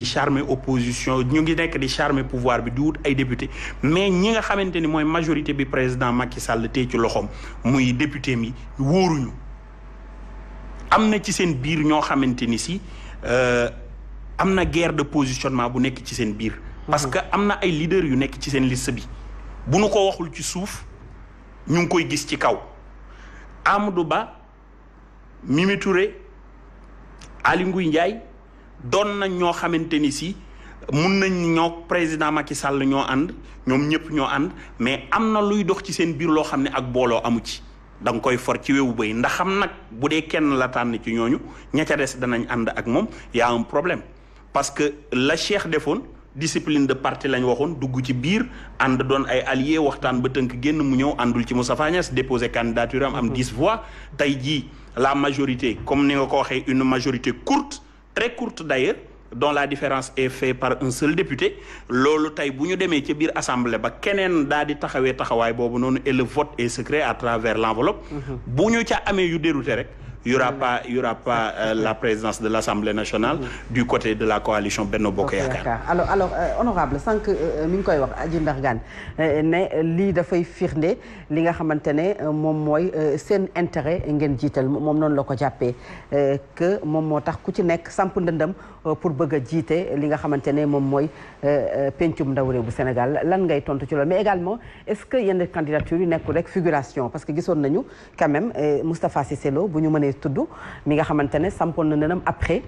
di charmer opposition ñu ngi nekk di charmer pouvoir bi di wut ay député mais ñi nga xamante ni mooy majorité bi président Macky Sall tey ci loxoom muy député mi wóoruñu am na ci seen biir ñoo xamante ni si euh, am na guerre de positionnement bu nekk ci seen biir. Mm-hmm. parce que am na ay leaders yu nekk ci seen liste bi bu nu ko waxul ci suuf ñu ngi koy gis ci kaw Amadou Ba Mimi Touré Aly Ngouille doon nañ ñoo xamante ni si mun nañ ñoo président Macky Sall ñoo ànd ñoom ñëpp ñoo ànd mais am na luy dox ci seen biir loo xam ne ak booloo amu ci da koy for ci wewu bay ndax xam nag bu dee kenn la tànn ci ñooñu ña ca des danañ ànd ak moom y a problème parce que la Cheikh defoon discipline de parti lañ waxoon dugg ci biir ànd doon ay allié waxtaan ba tënk génn mu ñëw àndul ci Moustapha Niasse déposé candidature am am mm-hmm. dix voix tey jii la majorité comme ni nga ko waxee une majorité courte très courte d'ailleurs dont la différence est faite par un seul député loolu tey bu ñu demee ci biir assemblée ba keneen daal di taxawee taxawaay boobu noonu et le vote est secret à travers l'enveloppe mhm. bu ñu ca amee yu dérouté rek il n'y aura pas, il y aura pas euh, la présence de l'Assemblée nationale du côté de la coalition Benno Bokk Yaakaar alors alors euh, honorable sànq euh, euh, mi ngi koy wax Adji Mbergane ne lii dafay firnde li nga xamante ne moom mooy seen intérêt ngeen jiital moom noonu la ko jàppee moom moo tax ku ci nekk samp ndëndam pour bëgg jiite li nga xamante ne moom mooy pencum ndaw réew bu Sénégal lan ngay tontu ci loolu mais également est-ce que yenn candidature yi nekkul rek figuration parce que gisoon nañu quand même Moustapha Cissé Lo bu ñu mënee tudd mi nga xamante ne sampoon na nenam après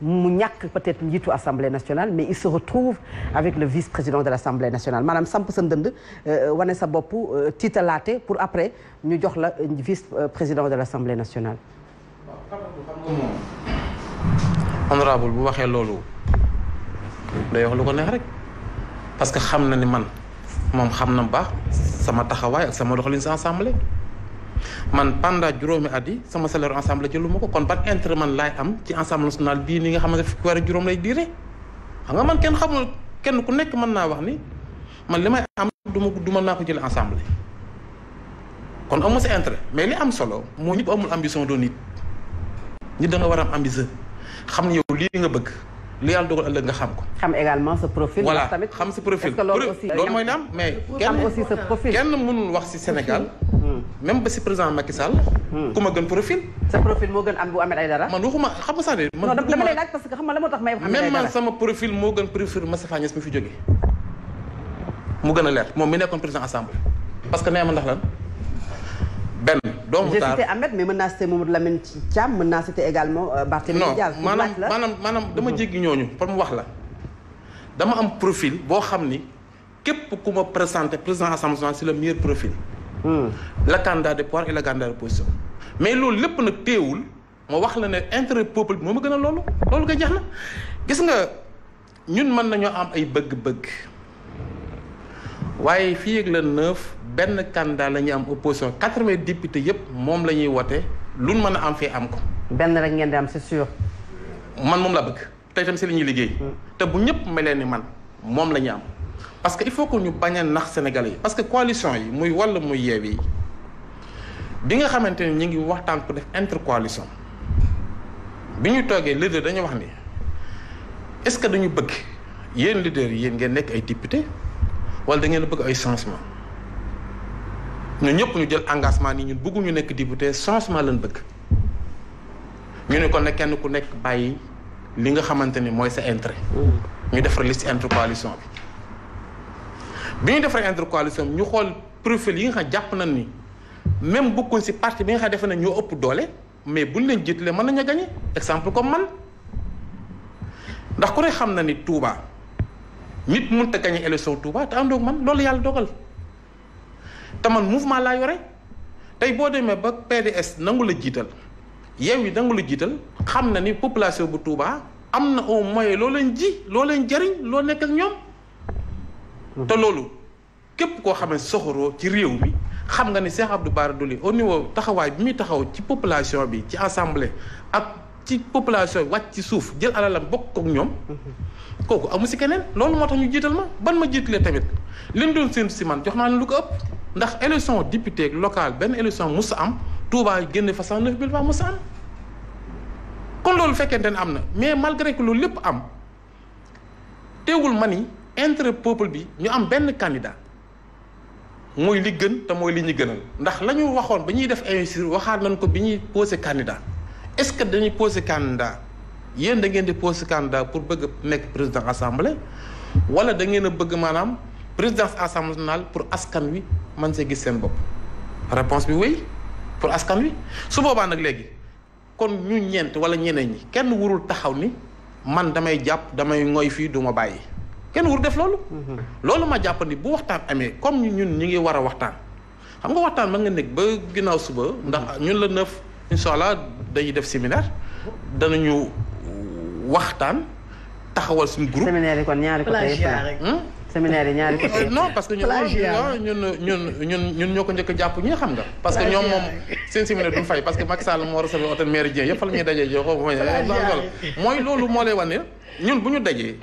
mu ñàkk peut-être njiitu assemblée nationale mais il se retrouve avec le vice-président de l'assemblée nationale maanaam samp sa ndënd euh, wane sa bopp euh, tiitalaate pour après ñu jox la vice-président de l'assemblée nationale. waaw honorable bu waxee loolu day ko neex rek parce que xam na ni man moom xam na baax sama taxawaay sama doxalin sa assemblée. man pendant juróomi at yi sama salaire ensemble jëlu ma ko kon ban intérêt man laay am ci ensemble national bii ni nga xam ne fukki a juróom lay diire xam nga man kenn xamul kenn ku nekk mën naa wax ni man li may am du ma du man naa ko jëlee ensemble kon amu sa intérêt mais li am solo moo ñëpp amul ambition doon nit ñi da nga war a am ambition xam ne yow lii nga bëgg li yàlla dogal ëllëg nga xam ko. xam également sa profil. voilà xam sa profil. loolu aussi loolu mooy naam mais. sa profil kenn mënul wax si Sénégal. Hmm. même ba si président Macky Sall. Hmm. ku ma gën profil. sa profil moo gën am bu Ahmed Aïdara. man waxuma xam nga sax de. man dama lay laaj parce xam nga la moo tax may. même sama profil moo gën profil Moustapha Niasse mi fi jógee. mu gën a leer moom mi nekkoon président assemblée. parce que nee ma ndax lan. doomu taal j'ai cité Ahmed mais mën naa cité Mamadou Lamine Thiam mën naa cité également euh, Barthélémy Diaz non maanaam maanaam maanaam dama mhm. jéggi ñooñu pour mu wax la dama am profil boo xam ni képp ku ma présenté président assemblée nationale c'est le meilleur profil hmm. le candidat de pouvoir et le candidat de position mais loolu lépp nag teewul ma wax la ne intérêt peuple bi moo ma gën a loolu loolu nga jax na gis nga ñun mën nañoo am ay bëgg-bëgg waaye fii yëg la neuf benn candidat la ñuy am opposition quatre-vingts députés yëpp moom la ñuy wote lu mën a am fii am ko. benn rek ngeen di am c'est sûr. man moom laa bëgg te itam si li ñuy liggéey. Mm. te bu ñëpp melee ni man moom la ñuy am parce que il faut que ñu bañ a nax Sénégalais yi. parce que coalition yi muy walla muy yeew yi bi nga xamante ni ñu ngi waxtaan ko def intercoalition bi ñu toogee leader dañu wax ni est-ce que dañu bëgg yéen leader yi yéen ngeen nekk ay député walla da ngeen bëgg ay changement. ñun ñëpp ñu jël engagement ni ñun bëgguñu nekk député changement lañ bëgg ñu ne kon nag kenn ku nekk bàyyi li nga xamante ni mooy sa intérêt. ñu defar liste intercoalition bi. bi ñu defaree intercoalition bi ñu xool profil yi nga xam jàpp nañ ni même bokkuñ si parti bi nga xam defe nañ ñoo ëpp doole mais buñ leen jiitalee mën nañu a exemple comme man ndax ku ne xam na ni Touba nit mënut a gagné élection Touba te àndoog man loolu yàlla dogal. te man mouvement laa yore tey boo demee ba PDS nangu la jiital yeew yi nangu la jiital xam na ni population bu Touba am na au moyen loo leen ji loo leen jëriñ loo nekk ak ñoom. Mhm. te loolu képp koo xamee soxoroo ci réew bi xam nga ni Cheikh Abdou Bara Dolly au niveau taxawaay bi muy taxaw ci population bi ci assemblée ak ci population bi wàcc ci suuf jël alal alalam bokk ak ñoom. Mhm. kooku amu si keneen loolu moo tax ñu jiital ma ban ma jiitalee tamit leen doon seen si man jox naa leen lu ndax élection député local benn élection sa am Touba génn fa 109 mille voix musa am kon loolu fekkente ne am na mais malgré que loolu lépp am teewul ma ni entre peuple bi ñu am benn candidat mooy li gën te mooy li ñu gënal ndax la ñu waxoon ba ñuy def investir waxaat nañ ko bi ñuy posé candidat est-ce que dañuy posé candidat yéen da ngeen di posé candidat pour bëgg nekk président assemblée wala da ngeen a bëgg maanaam. présidence assemblée nationale pour askan wi man see gis seen bopp réponse bi oui pour askan wi su boobaa nag léegi kon ñu ñeent wala ñeneen ñi kenn wurul taxaw ni man damay jàpp damay ngoy fii du ma bàyyi kenn wur def loolu mhm. loolu ma jàpp ni bu waxtaan amee comme ñun ñu ngi war a waxtaan xam nga waxtaan ma nga nekk ba ginnaaw suba ndax mhm. ñun la neuf incha allah dañuy def séminaire danañu waxtaan taxawal suñu groupe séminaire yi kon ñaari côté yëpp séminaire yi ñaari côté non parce que ñun ñun ñun ñun ñun ñoo ko njëkk a jàpp ñi xam nga parce que ñoom moom seen séminaire duñ fay parce que Macky Sall moo recevé hôtel méridien yëpp fa la dajee joo ko mooy loolu moo lay wane ñun bu ñu dajee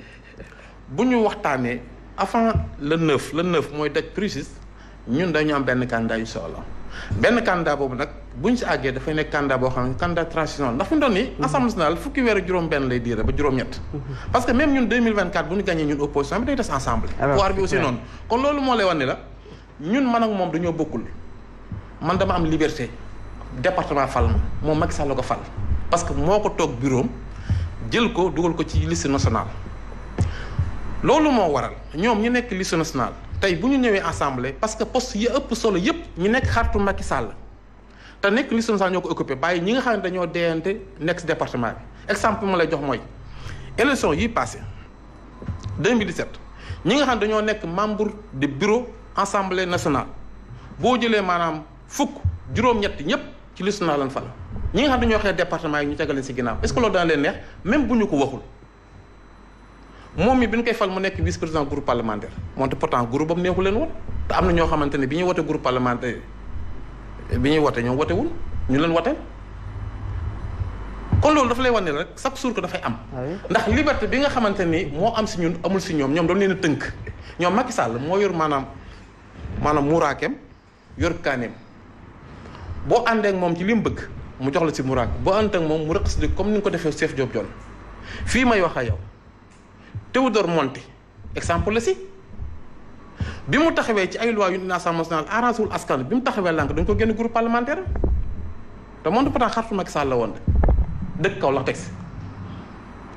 bu ñu waxtaanee avant le neuf le neuf mooy daj précis ñun dañu am benn candidat yu soxla benn candidat boobu nag bu ñu si àggee dafay nekk candidat boo xam ne candidat transition ndax fi mu doon nii mhm. assemblée nationale fukki weer juróom-benn lay diire ba juróom-ñett mhm. parce que même ñun 2024 bu ñu gagné ñun opposition bi dañuy des ñun man ak moom dañoo bokkul man dama am liberté département fal ma moom Macky Sall la ko fal parce que moo ko toog bureau jël ko dugal ko ci liste national loolu moo waral ñoom ñu nekk liste national tey bu ñu ñëwee assemblée parce que poste yi ëpp solo yëpp ñu nekk xaritu Macky Sall te nekk liste nationale ñoo ko occupé bàyyi ñi nga xam ne dañoo deeyante nekk si département bi exemple ma lay jox mooy élection yi passé ñi nga xam ne dañoo nekk membre de bureau assemblée nationale boo jëlee maanaam fukk juróom-ñett ñëpp ci liste nationale lan fal ñi nga xam dañoo xee département yi ñu tegal leen si ginnaaw est-ce que loolu dana leen neex même bu ñu ko waxul moom mi bi ñu koy fal mu nekk vice président groupe parlementaire moonte pourtant groupe bam neexu leen woon te am xamante ne bi ñuy wote groupe bi ñuy wote ñoom wotewul ñu leen woteel kon loolu dafa lay wane rek chaque jour que dafay am. ndax liberté bi nga xamante ni moo am si ñun amul si ñoom ñoom dañu leen a tënk ñoom Macky Sall moo yor maanaam maanaam muraakeem yor kaaneem boo àndee moom ci li mu bëgg mu jox la si muraak boo ànd moom mu rëqas di comme ni nga ko defee Cheikh Diop fii may wax ak yow Théodore Monti exemple la si. bi mu taxawee ci ay loi yu Assemblée nationale arrangé wul askan bi mu taxawee lànk dañ ko génn groupe parlementaire te moom pourtant xaritu Macky Sall la woon de dëkk kaw la teg si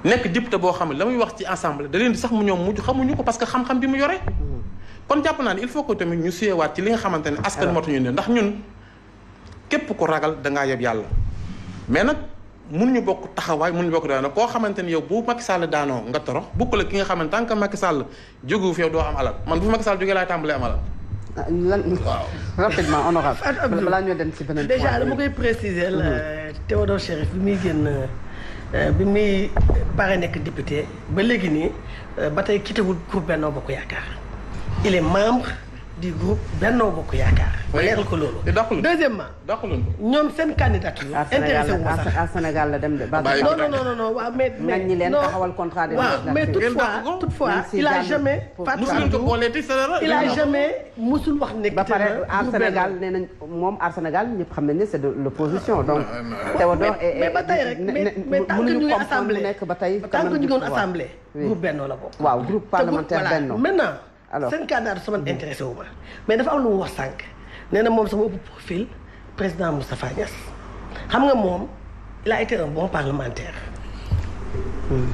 nekk te boo xam ne la muy wax ci assemblée da leen di sax mu ñoom mujj xamuñu ko parce que xam-xam bi mu yore. kon jàpp naa ne il faut que tamit ñu suyewaat ci li nga xamante ne askan matuñu ne ndax ñun képp ko ragal dangaa yeb yàlla mais nag. mënuñu bokk taxawaay mënuñu bokk daanaka koo xamante ni yow bu Macky Sall daanoo nga torox bukk la ki nga xamante tant que Macky Sall jógu fi doo am alal man bu fi Macky Sall jógee laay tàmbalee am alal. Ah, lan waaw rapidement honorable balaa ñoo dem ci beneen point déjà dama koy préciser la mhm. Théodore Chérif bi muy génn euh, bi muy pare nekk député ba léegi nii euh, ba tey quitté wul groupe Benno Bokk Yaakaar il est membre. du group Benno Bokk Yaakaar. ma leeral ko loolu. Eh, doxul deuxièmement. doxul ñoom seen candidature. intéressé wu ma sax à Sénégal la dem de. bàyyi non non non non waaw mais. mais leen taxawal contrat de. waaw mais toutefois toutefois il a jamais. Fatou Abdou a jamais musul wax nekk. ba pare à Sénégal nee nañ moom à Sénégal ñëpp xam ne ah, c' ah, ah, est de l' opposition donc. Théodore et mais ba tey rek mais mais tant que ñu ngi waaw groupe parlementaire Benno alors seen candidat sama intéressé wu ma mais dafa am lu wax sànq nee na moom sama ëpp profil président Moustapha Niass xam nga moom il a été un bon parlementaire.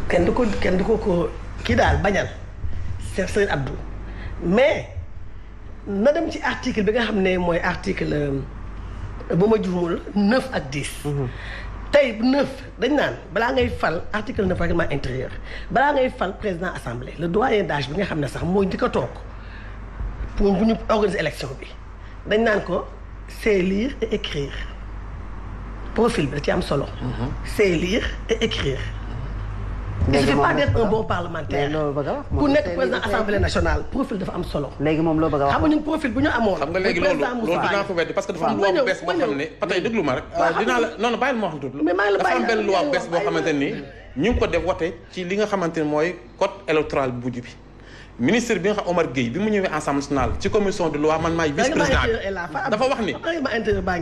kenn du ko kenn du ko ko kii daal bañal Cheikh Serigne Abdou mais na dem ci article bi nga xam ne mooy article euh, ba ma juumul neuf ak dix. Mhm. tey neuf dañ naan balaa ngay fal article neuf ma intérieur balaa ngay fal président assemblée le doyen d'âge bi nga xam ne sax mooy njëkk a toog pour bu ñu organiser élection bi dañ naan ko c'est lire et écrire profil bi da ci am solo. Mm-hmm. c'est lire et écrire. il suffit pas d'être un bon ku nekk président assemblée nationale profil dafa am solo. léegi moom loo bëgg a wax xam nga ñun profil bu ñu amoon. xam nga léegi loolu loolu dinaa ko weddi parce que dafa am loi ma rek. waaw am benn loi bu bees boo xamante nii ñu ngi ko def wote ci li nga xamante mooy code électoral bu mujj bi. ministre bi nga xam Omar Gueye bi mu ñëwee assemblée nationale ci commission de loi man maay vice président dafa wax ni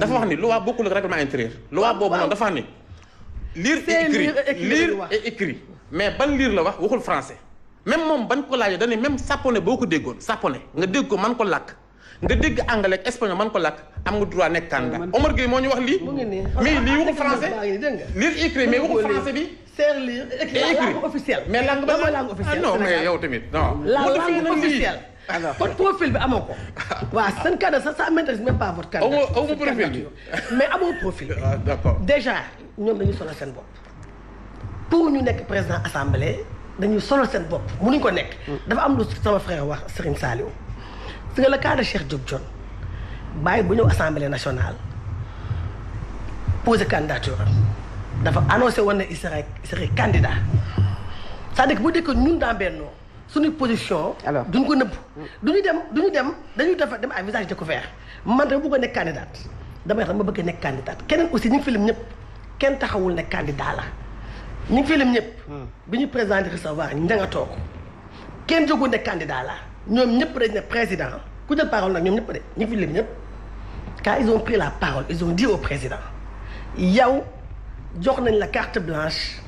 dafa wax ni loi bokkul ak règlement intérieur loi boobu noonu dafa ni lire et mais ban liir la wax waxul français même moom ban ko laajee dañuy même sàppone boo ko déggoon sàppone nga dégg ko man ko làkk nga dégg anglais ak espagnol man ko làkk am nga droit nekk candidat ah, Omar Gueye moo ñu wax lii mais lii waxul ah, français lire écrit mais waxul français bi seer lire écrit officiel mais langue ba langue officielle ah, non mais yow tamit non la langue officielle alors kon profil bi amoo ko. waaw seen candidat ça ça m'intéresse même pas votre candidat. amoo profil bi mais amoo profil. d'accord déjà ñoom dañu sonal seen bopp. pour ñu nekk président assemblée dañuy solo seen bopp mu mënuñ ko nekk. dafa am lu sama frère wax Serigne Saliou. su nga le cas de Cheikh Diop bàyyi bu ñëw assemblée nationale posé candidature dafa annoncé woon ne il serait il serait candidat c'est-à-dire bu dee ñun dans Benno suñu position. alors duñ ko nëbb. ñu dem ñu dem dañuy def dem à visage découvert man dama bëgg a nekk candidat damay wax dama bëgg a nekk candidat keneen aussi ñu ngi fi ñëpp kenn taxawul ne candidat la. ñu ngi fi lim ñëpp. Hmm. bi ñu présenté recevoir ña nga toog kenn jógu ne candidat la ñoom ñëpp dañ ne président ku jël parole nag ñoom ñëpp de ñu ngi fi ñëpp. quand ils ont pris la parole ils ont dit au président yow jox nañ la carte blanche.